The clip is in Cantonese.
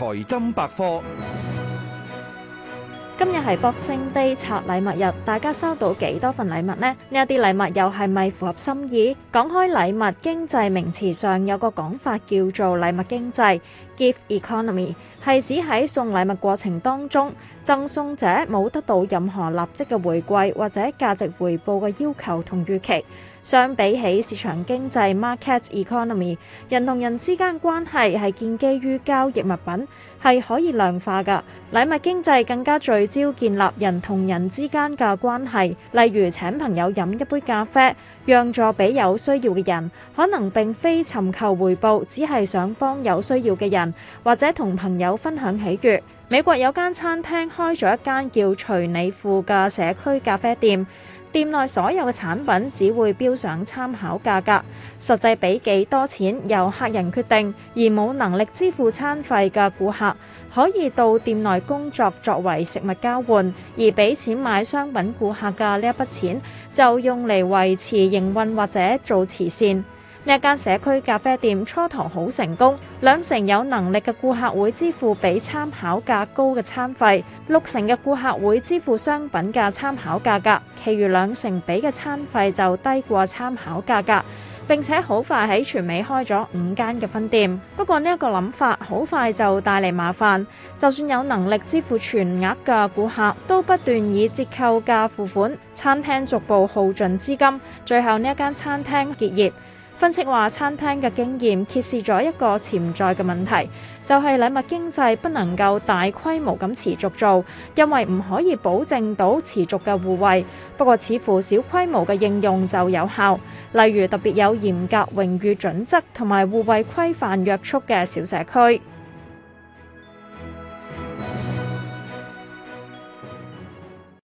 財金百科，今日係 Boxing Day 拆禮物日，大家收到幾多份禮物呢？呢一啲禮物又係咪符合心意？講開禮物，經濟名詞上有個講法叫做禮物經濟 （gift economy），係指喺送禮物過程當中，贈送者冇得到任何立即嘅回饋或者價值回報嘅要求同預期。相比起市場經濟 （market economy），人同人之間關係係建基於交易物品，係可以量化噶。禮物經濟更加聚焦建立人同人之間嘅關係，例如請朋友飲一杯咖啡，讓座俾有需要嘅人，可能並非尋求回報，只係想幫有需要嘅人，或者同朋友分享喜悅。美國有間餐廳開咗一間叫「隨你付」嘅社區咖啡店。店內所有嘅產品只會標上參考價格，實際俾幾多錢由客人決定。而冇能力支付餐費嘅顧客可以到店內工作作為食物交換，而俾錢買商品顧客嘅呢一筆錢就用嚟維持營運或者做慈善。呢一間社區咖啡店初頭好成功，兩成有能力嘅顧客會支付比參考價高嘅餐費，六成嘅顧客會支付商品價參考價格，其餘兩成俾嘅餐費就低過參考價格，並且好快喺全美開咗五間嘅分店。不過呢一個諗法好快就帶嚟麻煩，就算有能力支付全額嘅顧客，都不斷以折扣價付款，餐廳逐步耗盡資金，最後呢一間餐廳結業。分析話：餐廳嘅經驗揭示咗一個潛在嘅問題，就係、是、禮物經濟不能夠大規模咁持續做，因為唔可以保證到持續嘅互惠。不過，似乎小規模嘅應用就有效，例如特別有嚴格榮譽準則同埋互惠規範約束嘅小社區。